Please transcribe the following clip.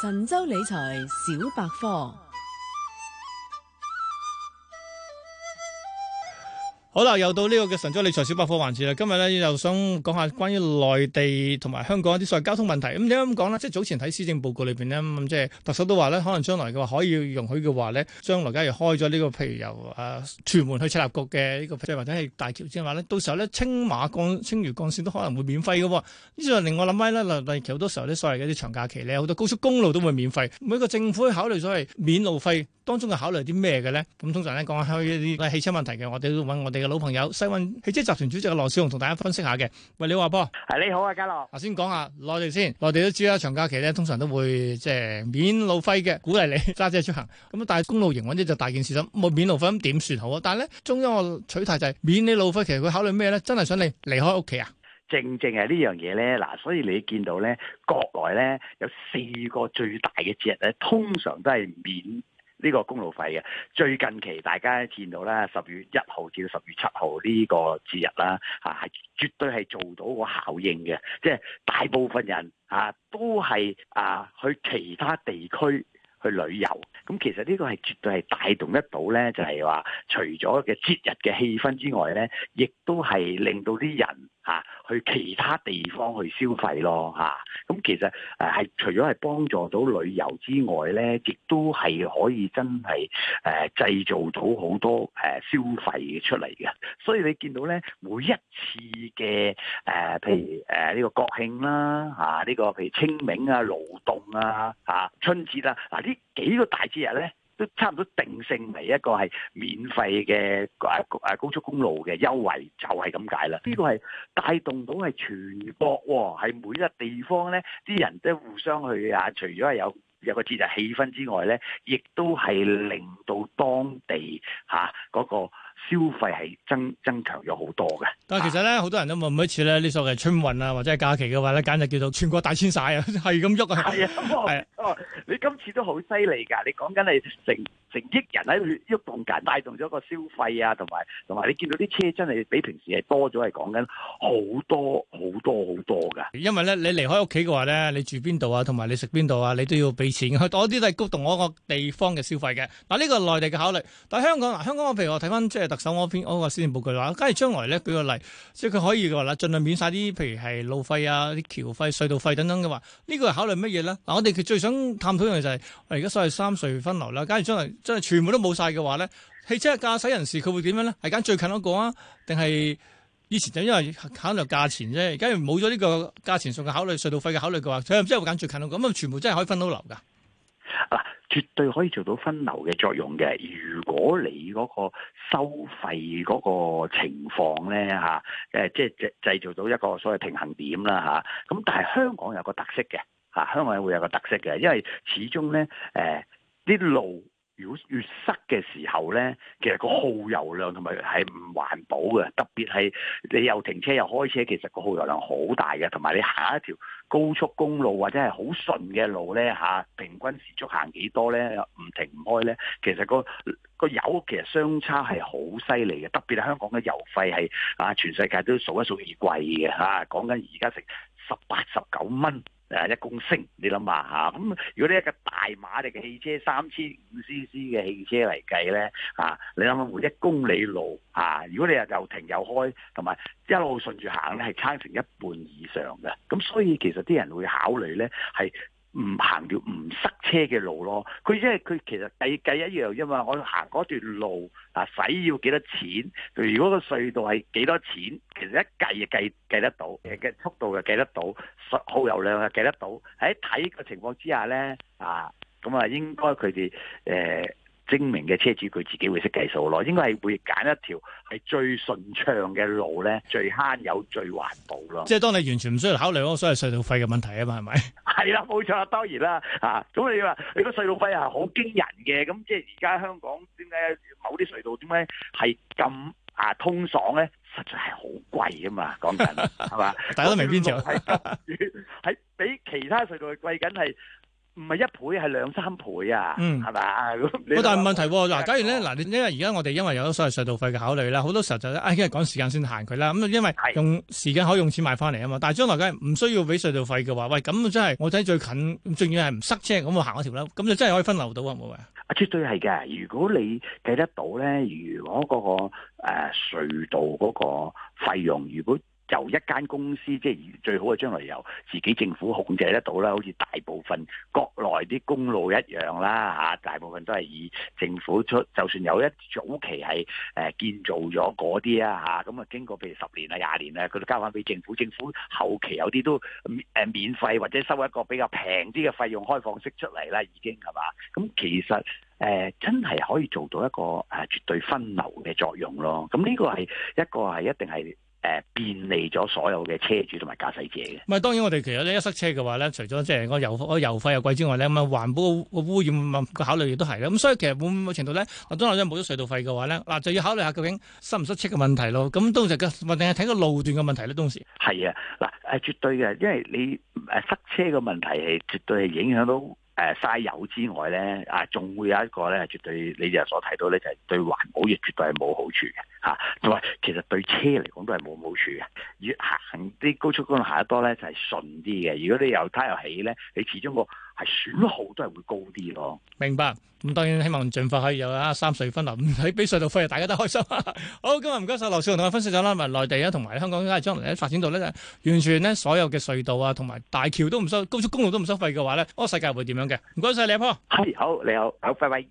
神州理財小百科。好啦，又到呢、這個嘅神州理財小百科環節啦。今日咧又想講下關於內地同埋香港一啲所謂交通問題。咁點解咁講呢？即係早前睇施政報告裏邊呢，咁、嗯、即係特首都話呢，可能將來嘅話可以容許嘅話呢，將來假如開咗呢、這個譬如由啊屯門去赤鱲角嘅呢個即係或者係大橋之類呢，到時候呢，青馬幹、青嶼幹線都可能會免費嘅、哦。呢就令我諗翻呢，例例如好多時候呢，所謂嘅啲長假期呢，好多高速公路都會免費。每一個政府考慮所謂免路費當中嘅考慮啲咩嘅呢？咁、嗯、通常呢，講開一啲汽車問題嘅，我哋都揾我哋。老朋友，世運汽車集團主席羅少雄同大家分析一下嘅。喂，你話波？係你好啊，家樂。頭先講下內地先，內地都知啦，長假期咧通常都會即係、就是、免路費嘅，鼓勵你揸車出行。咁但係公路營運咧就大件事咁冇免路費咁點算好啊？但係咧中央個取態就係、是、免你路費，其實佢考慮咩咧？真係想你離開屋企啊！正正係呢樣嘢咧，嗱，所以你見到咧，國內咧有四個最大嘅節日咧，通常都係免。呢、這個公路費嘅最近期大家見到啦，十月一號至到十月七號呢個節日啦，嚇、啊、係絕對係做到個效應嘅，即、就、係、是、大部分人嚇、啊、都係啊去其他地區去旅遊，咁其實呢個係絕對係帶動得到呢，就係、是、話除咗嘅節日嘅氣氛之外呢，亦都係令到啲人嚇，啊去其他地方去消費咯，咁、啊、其實、啊、係除咗係幫助到旅遊之外咧，亦都係可以真係誒、啊、製造到好多、啊、消費出嚟嘅。所以你見到咧，每一次嘅、啊、譬如誒呢、啊呢個國慶啦嚇，呢、啊、個譬如清明啊、勞動啊嚇、啊、春節啊嗱，呢、啊、幾個大節日咧。都差唔多定性為一個係免費嘅誒誒高速公路嘅優惠，就係咁解啦。呢個係帶動到係全國喎，係每一個地方咧，啲人都互相去啊。除咗係有有個節日氣氛之外咧，亦都係令到當地嗰、啊那個。消費係增增強咗好多嘅，但係其實咧好、啊、多人都問，每一次咧呢所謂春運啊或者係假期嘅話咧，簡直叫做全國大遷徙」，啊，係咁喐啊！係、哎、啊 但我、 哦，你今次都好犀利噶，你講緊你成。成億人喺度喐動緊，帶動咗個消費啊，同埋同埋你見到啲車真係比平時係多咗，係講緊好多好多好多㗎。因為咧，你離開屋企嘅話咧，你住邊度啊，同埋你食邊度啊，你都要俾錢，多啲都係鼓動嗰個地方嘅消費嘅。嗱，呢個內地嘅考慮，但係香港嗱，香港我譬如我睇翻即係特首嗰邊嗰個施政報告話，假如將來咧舉個例，即係佢可以嘅話啦，盡量免晒啲譬如係路費啊、啲橋費、隧道費等等嘅話，這個、呢個係考慮乜嘢咧？嗱，我哋最想探討樣嘢就係而家所謂三隧分流啦。假如將來真係全部都冇晒嘅話咧，汽車駕駛人士佢會點樣咧？係揀最近嗰個啊，定係以前就因為考慮價錢啫。而家冇咗呢個價錢上嘅考慮隧道費嘅考慮嘅話，佢又知會揀最近嗰個。咁啊，全部真係可以分到流噶。嗱，絕對可以做到分流嘅作用嘅。如果你嗰個收費嗰個情況咧嚇，誒即係製製造到一個所謂平衡點啦嚇。咁但係香港有個特色嘅嚇，香港會有個特色嘅，因為始終咧誒啲路。如果越塞嘅時候呢，其實個耗油量同埋係唔環保嘅，特別係你又停車又開車，其實個耗油量好大嘅，同埋你下一條高速公路或者係好順嘅路呢、啊，平均時速行幾多呢？唔停唔開呢？其實、個個油其實相差係好犀利嘅，特別係香港嘅油費係啊，全世界都數一數二貴嘅嚇，講緊而家成十八十九蚊。誒一公升，你諗下。嚇、啊？咁如果你一架大馬力嘅汽車，三千五 CC 嘅汽車嚟計咧嚇、啊，你諗下換一公里路嚇、啊，如果你又又停又開，同埋一路順住行咧，係慳成一半以上嘅。咁所以其實啲人會考慮咧，係。唔行條唔塞車嘅路咯，佢佢其實計計一樣啫嘛，我行嗰段路啊，使要幾多錢？如果個隧道係幾多錢，其實一計就計計得到，嘅速度又計得到，耗油量又計得到。喺睇嘅情況之下呢。啊，咁啊，應該佢哋誒精明嘅車主佢自己會識計數咯，應該係會揀一條係最順暢嘅路呢，最慳油最環保咯。即係當你完全唔需要考慮嗰所謂隧道費嘅問題啊嘛，係咪？係啦，冇錯啦，當然啦，啊，咁你話你個隧道費係好驚人嘅，咁即係而家香港點解某啲隧道點解係咁啊通爽咧？實在係好貴噶嘛，講緊係嘛？大家都明邊條？係， 比其他隧道貴緊係。唔係一倍，係兩三倍啊！嗯，係咪 啊？但係問題嗱，假如咧嗱、嗯，因為而家我哋因為有咗所謂隧道費嘅考慮啦，好多時候就咧，唉、啊，因為趕時間先行佢啦。咁因為用時間可以用錢買翻嚟啊嘛。但係將來梗係唔需要俾隧道費嘅話，喂，咁真係我睇最近仲要係唔塞車，咁我行嗰條路，咁就真係可以分流到啊！冇啊！啊，絕對係嘅。如果你計得到咧，如果嗰個誒隧道嗰個費用，如果由一間公司，即係最好嘅將來由自己政府控制得到啦，好似大部分國內啲公路一樣啦嚇，大部分都係以政府出，就算有一早期係建造咗嗰啲啊嚇，咁啊經過譬如十年啊廿年啊，佢都交翻俾政府，政府後期有啲都免費或者收一個比較平啲嘅費用開放式出嚟啦，已經係嘛？咁其實真係可以做到一個誒絕對分流嘅作用咯。咁呢個係一個係一定係。誒，便利咗所有嘅車主同埋駕駛者嘅。唔係，當然我哋其實咧一塞車嘅話咧，除咗即係個油個油費又貴之外咧，咁啊環保個污染個考慮亦都係啦。咁所以其實冇冇程度咧，當我然話即冇咗隧道費嘅話咧，嗱就要考慮下究竟塞唔塞車嘅問題咯。咁同時嘅，或者係睇個路段嘅問題咧，同時係啊，嗱，係絕對嘅，因為你誒塞車嘅問題係絕對係影響到誒嘥油之外咧，啊仲會有一個咧絕對你哋所提到咧就係，是，對環保亦絕對係冇好處嘅。啊，同埋其實對車嚟講都係冇冇處嘅，越行啲高速公路行得多咧就係順啲嘅。如果你又攤又起咧，你始終個係損耗都係會高啲咯。明白。咁當然希望盡快可以有啊三隧分流，唔使俾隧道費，大家都開心。 好，今日唔該晒羅少雄同我分析咗啦，埋內地啊，同埋香港都係將來喺發展到咧，完全咧所有嘅隧道啊，同埋大橋都唔收高速公路都唔收費嘅話咧，個世界會點樣嘅？唔該晒你，阿婆。係好，你好，好，拜拜。